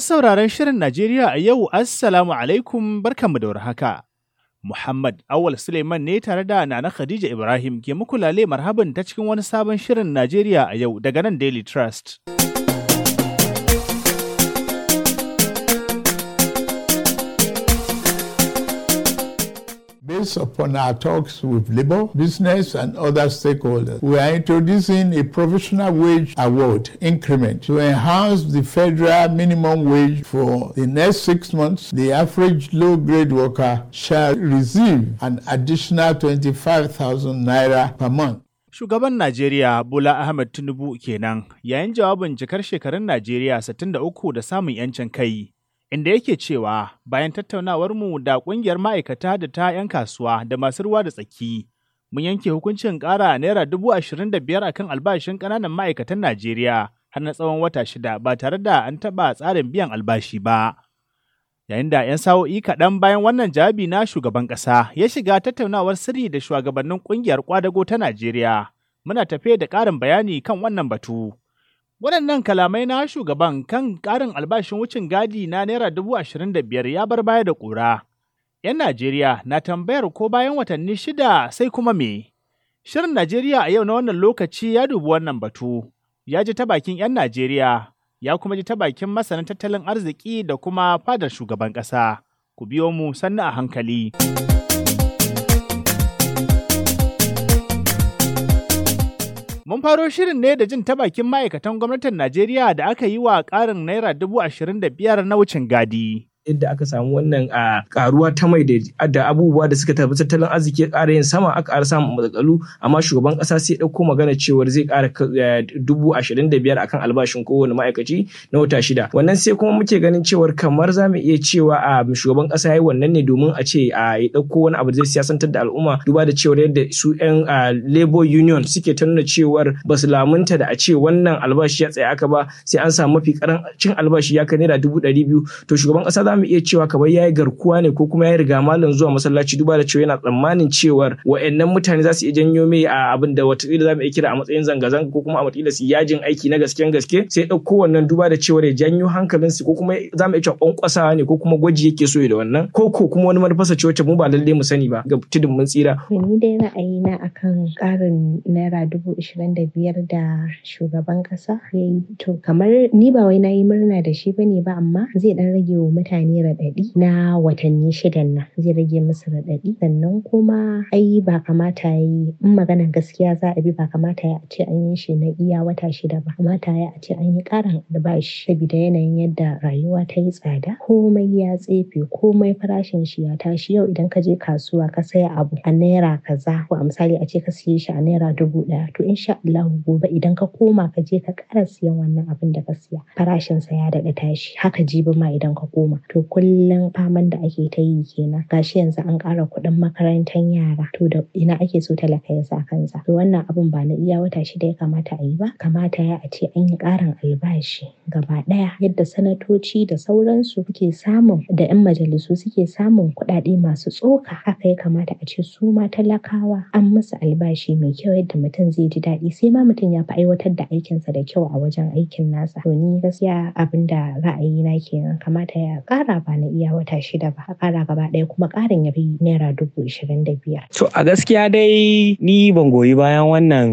Masu sauraron Shirin Najeriya a yau, Assalamu alaikum barkanmu da warhaka. Muhammad Awal Suleiman ne tare da Nana Khadija Ibrahim ke muku lale marhaban ta cikin wani sabon Shirin Najeriya a yau daga nan Daily Trust. based upon our talks with labor, business, and other stakeholders. We are introducing a provisional wage award increment to enhance the federal minimum wage for the next six months. The average low grade worker shall receive an additional 25,000 naira per month. Shugaban Najeriya Bola Ahmed Tinubu kenan yayin jawabin jikar shekarun Najeriya 63 da samun 'yancin kai. inda yake cewa bayan tattaunawarmu da ƙungiyar ma'aikata da ta 'yan kasuwa da masu ruwa da tsaki, mun yanke hukuncin ƙara naira dubu ashirin da biyar akan albashin ƙananan ma'aikatan Najeriya har na tsawon wata shida ba tare da an taɓa tsarin biyan albashi ba. Yayin da 'yan sa'o'i kaɗan bayan wannan jawabi na shugaban ƙasa ya shiga tattaunawar sirri da shugabannin ƙungiyar ƙwadago ta Najeriya. Muna tafe da ƙarin bayani kan wannan batu. Waɗannan kalamai na shugaban kan ƙarin albashin wucin gadi na Naira dubu ashirin da biyar ya bar baya da ƙura. 'Yan Najeriya na tambayar ko bayan watanni shida sai kuma me? Shirin Najeriya a yau na wannan lokaci ya dubi wannan batu, ya ji ta bakin 'yan Najeriya, ya kuma ji ta bakin masanin tattalin arziki da kuma fadar shugaban ƙasa. Ku biyo mu sannu a hankali. Mun faro shirin ne da jin ta bakin ma'aikatan gwamnatin Najeriya da aka yi wa ƙarin Naira dubu ashirin da biyar na wucin gadi. yadda aka samu wannan a karuwa ta mai da abubuwa da suka tafi tattalin arziki ƙara yin sama aka ƙara samun matsakalu amma shugaban ƙasa sai ɗauko magana cewar zai ƙara dubu ashirin da biyar akan albashin kowane ma'aikaci na wata shida wannan sai kuma muke ganin cewar kamar za mu iya cewa a shugaban ƙasa ya yi wannan ne domin a ce a ya ɗauko wani abu zai siyasantar da al'umma duba da cewar yadda su 'yan labor union suke ta nuna cewar ba su lamunta da a ce wannan albashi ya tsaya aka ba sai an samu mafi karancin albashi ya kai naira dubu ɗari biyu to shugaban ƙasa za mu iya cewa kamar ya yi garkuwa ne ko kuma ya riga malam zuwa masallaci duba da cewa yana tsammanin cewar wa'annan mutane za su iya janyo mai a abin da watakila za mu iya kira a matsayin zanga-zanga ko kuma a matsayin su yajin aiki na gasken gaske sai ɗauko wannan duba da cewa ya janyo hankalin su ko kuma za mu iya cewa ƙwanƙwasawa ne ko kuma gwaji yake so da wannan ko ko kuma wani manufarsa ce wacce mu ba lallai mu sani ba ga tudun mun tsira. Ni dai na akan ƙarin naira dubu ishirin da biyar da shugaban ƙasa to kamar ni ba wai na yi murna da shi bane ba amma zai ɗan rage wa mutane mutane raɗaɗi na watanni shidan nan zai rage musu raɗaɗi sannan kuma ai ba kamata ya yi in magana gaskiya za a bi ba kamata ya ce an yi shi na iya wata shida ba kamata ya ce an yi ƙarin albashi saboda yanayin yadda rayuwa ta yi tsada komai ya tsefe komai farashin shi ya tashi yau idan ka je kasuwa ka saya abu a naira kaza ko a misali a ce ka siye shi a naira dubu ɗaya to insha allahu gobe idan ka koma ka je ka ƙara siyan wannan abin da ka siya farashin sa ya daɗa tashi haka jibi ma idan ka koma to kullum faman da ake ta yi kenan gashi yanzu an ƙara kuɗin makarantar yara to da ina ake so talaka ya sa kansa to wannan abun ba na iya wata shida ya kamata a yi ba kamata ya a ce an yi ƙarin albashi gaba ɗaya yadda sanatoci da sauransu suke samun da 'yan majalisu suke samun kuɗaɗe masu tsoka haka ya kamata a ce su ma talakawa an musu albashi mai kyau yadda mutum zai ji daɗi sai ma mutum ya fi aiwatar da aikinsa da kyau a wajen aikin nasa to ni gaskiya abin da ra'ayina kenan kamata ya ƙara ba na iya wata shida ba a ƙara gaba ɗaya kuma ƙarin ya bi naira dubu ishirin da biyar. So a gaskiya dai ni ban goyi bayan wannan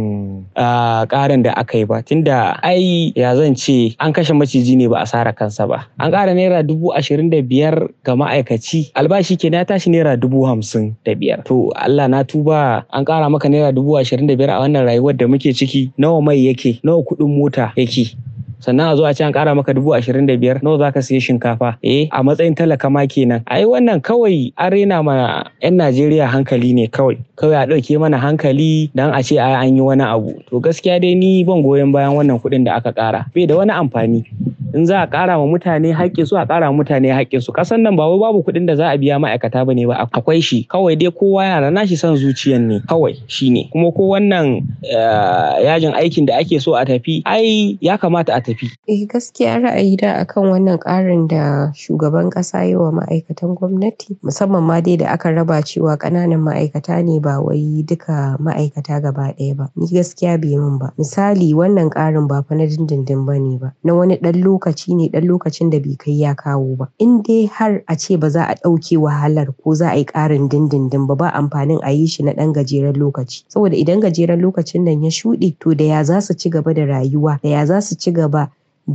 ah, ƙarin da aka yi ba tunda ai ya zan ce an kashe maciji ne ba a sara kansa ba. An ƙara naira dubu ashirin da biyar ga ma'aikaci albashi ke na tashi naira dubu hamsin da biyar. To Allah na tuba an ƙara maka naira dubu ashirin da biyar a wannan rayuwar da muke ciki nawa mai yake nawa kuɗin mota yake sannan a zo a ce an kara maka dubu ashirin da biyar nawa zaka siya shinkafa eh a matsayin talaka ma kenan ai wannan kawai an ma yan najeriya hankali ne kawai kawai a ɗauke mana hankali dan a ce ai an yi wani abu to gaskiya dai ni ban goyon bayan wannan kuɗin da aka kara bai da wani amfani in za a kara ma mutane haƙƙin su a kara mutane haƙƙin su kasan nan ba wai babu kuɗin da za a biya ma'aikata ba ne ba akwai shi kawai dai kowa yana nashi son zuciyan ne kawai shine kuma ko wannan eh, yajin aikin da ake so a tafi ai ya kamata a tafi. Eh gaskiya ra'ayi da akan wannan ƙarin da shugaban ƙasa yi wa ma'aikatan gwamnati musamman ma dai da aka raba cewa ƙananan ma'aikata ne ba wai duka ma'aikata gaba ɗaya ba. Ni gaskiya bai min ba. Misali wannan ƙarin ba fa na dindindin ba ne ba. Na wani ɗan lokaci ne ɗan lokacin da bai kai ya kawo ba. In dai har a ce ba za a ɗauke wahalar ko za a yi ƙarin dindindin ba ba amfanin a yi shi na ɗan gajeren lokaci. Saboda idan gajeren lokacin nan ya shuɗe to da ya za su ci gaba da rayuwa da ya za su ci gaba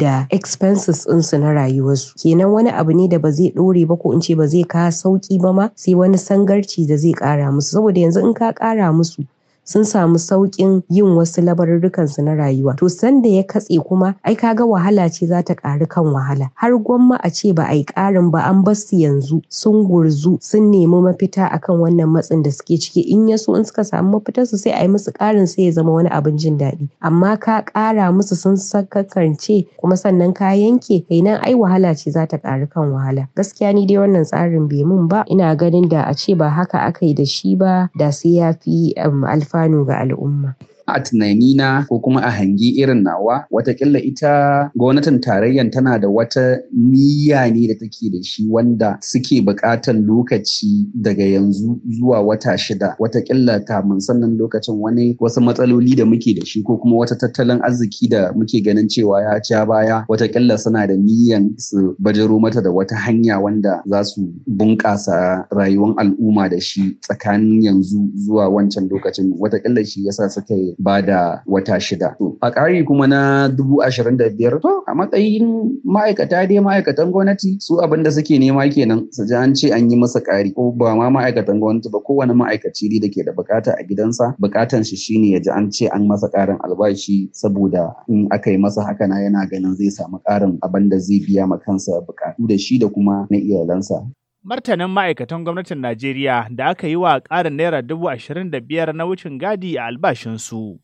da expenses ɗinsu na rayuwarsu kenan wani abu ne da ba zai ɗore ba ko in ce ba zai kawo sauƙi ba ma sai wani sangarci da zai ƙara musu saboda yanzu in ka ƙara musu sun samu sauƙin yin wasu labarurrukansu na rayuwa to sanda ya katse kuma ai kaga wahala ce za ta ƙaru kan wahala har gwamma a ce ba a yi ƙarin ba an bar su yanzu sun gurzu sun nemi mafita akan wannan matsin da suke ciki in ya so in suka samu mafitar su sai a yi musu ƙarin sai ya zama wani abin jin daɗi amma ka ƙara musu sun sakakance kuma sannan ka yanke kai nan ai wahala ce za ta ƙaru kan wahala gaskiya ni dai wannan tsarin bai mun ba ina ganin da a ce ba haka aka yi da shi ba da sai ya fi um, alfa alfanu ga al'umma. a tunani na ko kuma a hangi irin nawa watakila ita gwamnatin tarayyan tana da wata niyya ne da take da shi wanda suke buƙatan lokaci daga yanzu zuwa wata shida watakila kamun sannan lokacin wani wasu matsaloli da muke da shi ko kuma wata tattalin arziki da muke ganin cewa ya ci baya watakila suna da miyan su bajaro mata da wata hanya wanda za su bunƙasa rayuwar al'umma da shi tsakanin yanzu zuwa wancan lokacin watakila shi yasa suka yi ba da wata shida. A ƙari kuma na dubu ashirin da biyar to a matsayin ma'aikata dai ma'aikatan gwamnati su abin da suke nema kenan su ji an ce an yi masa ƙari ko ba ma ma'aikatan gwamnati ba kowane ma'aikaci da ke da bukata a gidansa bukatan shi shine ya ji an ce an masa ƙarin albashi saboda in aka yi masa haka na yana ganin zai samu ƙarin abin da zai biya ma kansa bukatu da shi da kuma na iyalansa. Martanin ma'aikatan gwamnatin Najeriya da aka yi wa ƙarin Naira dubu ashirin da biyar na wucin gadi a albashinsu.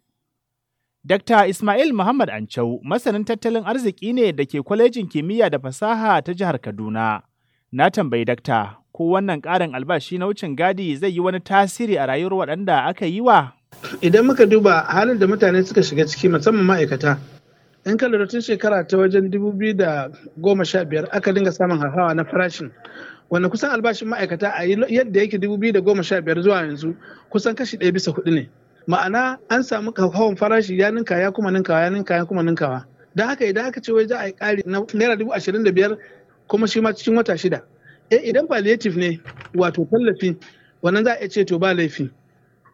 Dr. Ismail Muhammad Ancau, masanin tattalin arziki ne da ke kwalejin kimiyya da fasaha ta jihar Kaduna. Na tambayi dakta, ko wannan ƙarin albashi na wucin gadi zai yi wani tasiri a rayuwar waɗanda aka yi wa? Idan muka duba halin da mutane suka shiga ciki musamman ma'aikata, in ka lura tun shekara ta wajen 2015 aka dinga samun hauhawa na farashin wanda kusan albashin ma'aikata a yadda yake 2015 zuwa yanzu kusan kashi ɗaya bisa hudu ne ma'ana an samu hawan farashi ya ninka ya kuma ninkawa ya ninka ya kuma ninkawa don haka idan aka ce wai za a yi ƙari na naira dubu ashirin da biyar kuma shi ma cikin wata shida eh idan palliative ne wato tallafi wannan za a iya ce to ba laifi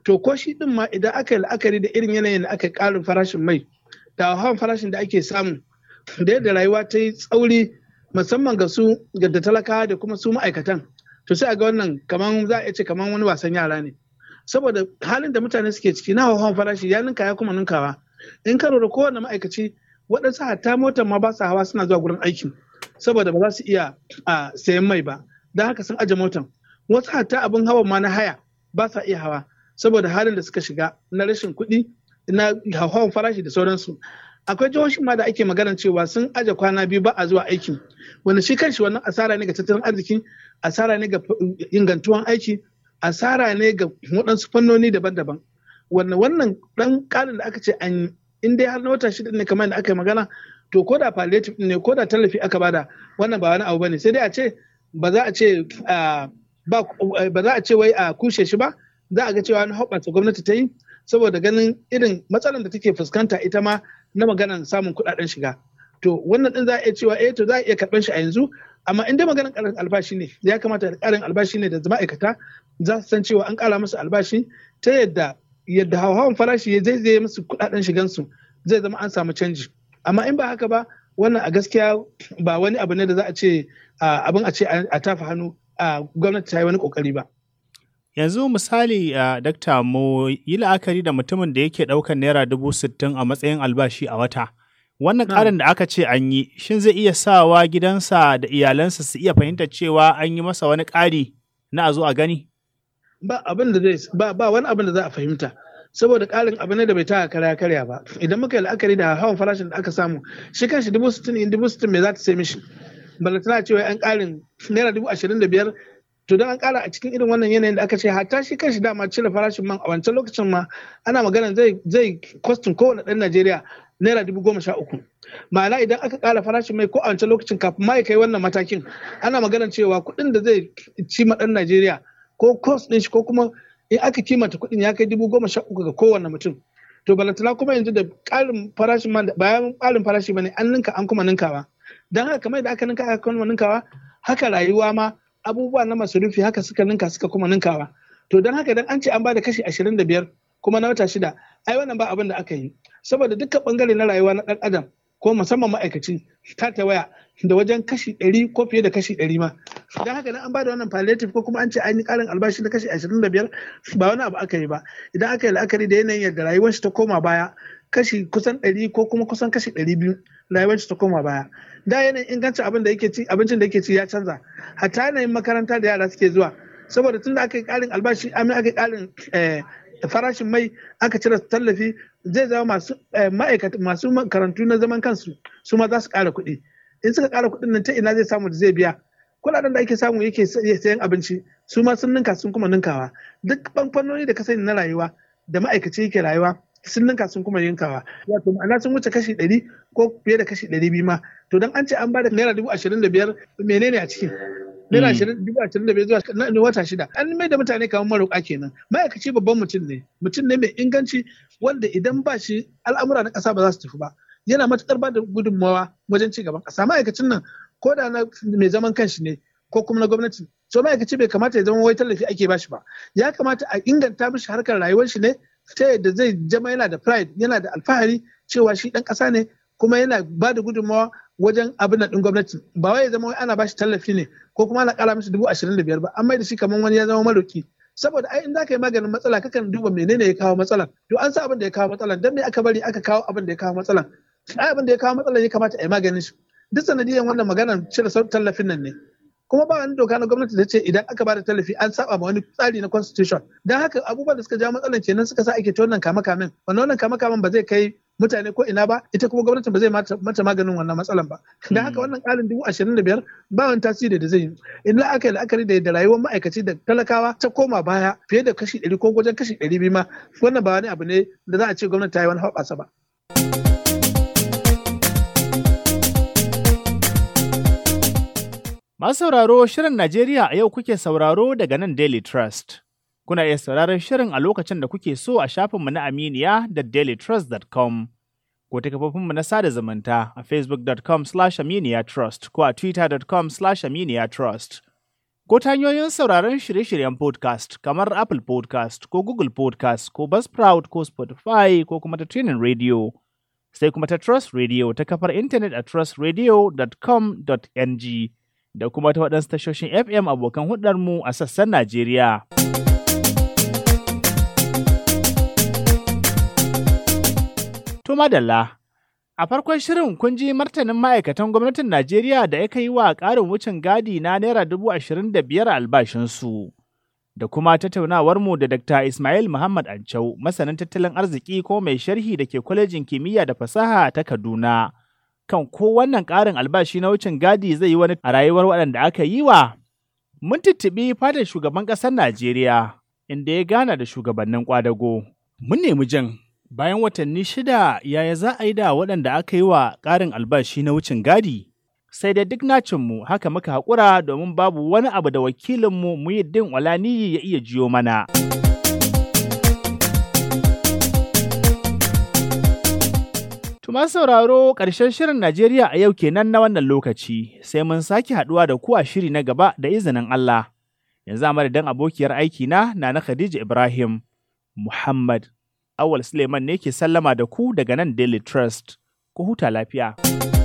to ko shi din ma idan aka yi la'akari da irin yanayin da aka ƙarin farashin mai da hawan farashin da ake samu da yadda rayuwa ta yi tsauri musamman ga su da talaka da kuma su ma'aikatan to sai a ga wannan kaman za a ce kaman wani wasan yara ne saboda halin da mutane suke ciki na hawan farashi ya ninka ya kuma ninkawa in ka lura kowane ma'aikaci waɗansu hatta motar ma ba su hawa suna zuwa gurin aikin saboda ba za su iya a sayan mai ba don haka sun aje motan wasu hatta abin hawa ma na haya ba sa iya hawa saboda halin da suka shiga na rashin kuɗi na hawan farashi da sauransu akwai jihohin ma da ake magana cewa sun aje kwana biyu ba a zuwa aiki. wanda shi kanshi wannan asara ne ga tattalin arziki asara ne ga ingantuwan aiki asara ne ga waɗansu fannoni daban-daban wannan wannan ɗan ƙarin da aka ce an in dai har na wata shida ne kamar da aka yi magana to ko da palliative ne ko da tallafi aka bada wannan ba wani abu bane sai dai a ce ba za a ce ba za a ce wai a kushe shi ba za a ga cewa wani hoɓɓasa gwamnati ta yi saboda ganin irin matsalar da take fuskanta ita ma na maganan samun kudaden shiga to wannan din za a iya cewa eh to za a iya karban shi a yanzu amma in dai maganan karin albashi ne ya kamata ƙarin albashi ne da ma'aikata za su san cewa an kara musu albashi ta yadda yadda hauhawan farashi ya zai zai musu kuɗaɗen su zai zama an samu canji amma in ba haka ba wannan a gaskiya ba wani abu ne da za a ce abin a ce a tafa hannu a gwamnati ta yi wani ƙoƙari ba. Yanzu misali a dakta mu yi la'akari da mutumin da yake ɗaukar naira dubu sittin a matsayin albashi a wata. Wannan ƙarin da aka ce an yi, shin zai iya sawa gidansa da iyalansa su iya fahimtar cewa an yi masa wani ƙari na a zo a gani? Ba abin da zai ba, ba wani abin da za a fahimta. Saboda ƙarin abu ne da bai taka karya karya ba. Idan muka yi la'akari da hawan farashin da aka samu, shi kanshi dubu sittin in dubu sittin me za ta sai mishi? Balantana cewa an ƙarin naira dubu ashirin da biyar to dan an kara a cikin irin wannan yanayin da aka ce hatta shi kanshi dama cire farashin man a wancan lokacin ma ana magana zai zai kwastin kowane ɗan Najeriya naira dubu goma sha uku ma'ana idan aka kara farashin mai ko a wancan lokacin kafin ma ya kai wannan matakin ana magana cewa kuɗin da zai ci ma ɗan Najeriya ko cost ɗin shi ko kuma in aka kimanta kuɗin ya kai dubu goma sha uku ga kowane mutum to balantana kuma yanzu da ƙarin farashin man bayan ƙarin farashi bane an ninka an kuma ninkawa Don haka kamar da aka ninka aka kuma ninkawa haka rayuwa ma abubuwa na masarufi haka suka ninka suka kuma ninkawa to don haka dan an ce an ba bada kashi 25 kuma na wata shida ai wannan ba abin da aka yi saboda dukkan bangare na rayuwa na dan adam ko musamman ma'aikaci ta ta waya da wajen kashi 100 ko fiye da kashi 100 ma don haka dan an bada wannan palliative ko kuma an ce an yi karin albashi na kashi biyar ba wani abu aka yi ba idan aka yi la'akari da yanayin yadda rayuwar shi ta koma baya kashi kusan 100 ko kuma kusan kashi biyu. rayuwarci ta koma baya da yanayin ingancin abin da yake ci abincin da yake ci ya canza hatta yanayin makaranta da yara suke zuwa saboda tunda aka yi karin albashi amin aka yi karin eh, farashin mai aka cire tallafi zai zama masu eh, ma'aikata masu makarantu na zaman kansu su ma za su kara kuɗi in suka kara kuɗin nan ta ina zai samu da zai biya kuɗaɗen da ake samu yake sayan abinci su ma sun ninka sun kuma ninkawa duk fannoni da ka sani na rayuwa da ma'aikaci yake rayuwa sun ninka sun kuma yankawa wato ma'ana sun wuce kashi ɗari ko fiye da kashi ɗari biyu ma to don an ce an bada naira dubu ashirin da biyar menene a cikin naira hmm. ashirin dubu ashirin da biyar zuwa na wata shida an mai da mutane kamar maroƙa kenan ma'aikaci babban mutum ne mutum ne mai inganci wanda idan ba shi al'amura na ƙasa ba za su tafi ba yana matuƙar ba da gudunmawa wajen ci gaban ƙasa ma'aikacin nan ko da na mai zaman kanshi ne ko kuma na gwamnati so ma'aikaci bai kamata ya zama wai tallafi ake bashi ba ya kamata a inganta mishi harkar rayuwar shi ne ta yadda zai zama yana da pride yana da alfahari cewa shi dan kasa ne kuma yana ba da gudunmawa wajen abin nan din gwamnati ba wai ya zama wai ana bashi tallafi ne ko kuma ana ƙara mishi dubu ashirin da biyar ba amma da shi kamar wani ya zama maroki saboda ai in za ka yi maganin matsala kakan duba menene ya kawo matsalan to an sa abin da ya kawo matsalan dan me aka bari aka kawo abin da ya kawo matsalan ai abin da ya kawo matsalan ya kamata a yi maganin shi duk sanadiyan wannan maganar cire tallafin nan ne kuma ba wani doka na gwamnati da ce idan aka bada tallafi an saba ma wani tsari na constitution don haka abubuwan da suka ja matsalan kenan suka sa ake ta wannan kama kamen wannan wannan kama kamen ba zai kai mutane ko ina ba ita kuma gwamnatin ba zai mata maganin wannan matsalan ba don haka hmm. wannan ƙarin dubu ashirin da biyar ba wani tasiri da zai yi in aka yi la'akari da rayuwar ma'aikaci da talakawa ta koma baya fiye da kashi ɗari ko wajen kashi ɗari biyu ma wannan ba wani abu ne da za a ce gwamnati ta yi wani haɓasa ba. Masu sauraro Shirin Najeriya a yau kuke sauraro daga nan Daily Trust. Kuna iya sauraron Shirin a lokacin da kuke so a shafinmu na Aminiya da dailytrust.com ko ta kafofinmu na sada zumunta a facebook.com slash aminiyatrust ko a twitter.com slash aminiyatrust. Ko ta hanyoyin sauraron shirye-shiryen podcast kamar Apple podcast ko Google podcast ko Buzzsprout ko Spotify ko kuma ta Training Radio. Sai kuma ta Trust Radio ta kafar intanet a trustradio.com.ng. da kuma ta waɗansu tashoshin FM abokan hudarmu a sassan Najeriya. Tuma madalla, A farkon shirin kun ji martanin ma'aikatan gwamnatin Najeriya da aka yi wa ƙarin wucin gadi na Naira dubu ashirin da biyar albashinsu. da kuma tattaunawarmu da Dr. Ismail Muhammad Ancau, masanin tattalin arziki ko mai sharhi da ke kwalejin kimiyya da fasaha ta Kaduna, kan ko wannan ƙarin albashi na wucin gadi zai yi wani a rayuwar waɗanda aka yi wa. Mun tuntuɓi fadar shugaban ƙasar Najeriya inda ya gana da shugabannin ƙwadago. Mun nemi jan bayan watanni shida yaya za a yi da waɗanda aka yi wa ƙarin albashi na wucin gadi. Sai da duk nacinmu haka muka haƙura domin babu wani abu da wakilinmu din Walaniyi ya iya jiyo mana. Masu sauraro ƙarshen shirin Najeriya a yau kenan na wannan lokaci, sai mun sake haɗuwa da ku a shiri na gaba da izinin Allah. Yanzu a madadin abokiyar aiki na na na Khadija Ibrahim, Muhammad, Awal Suleiman ne ke sallama da ku daga nan Daily Trust. Ku huta lafiya.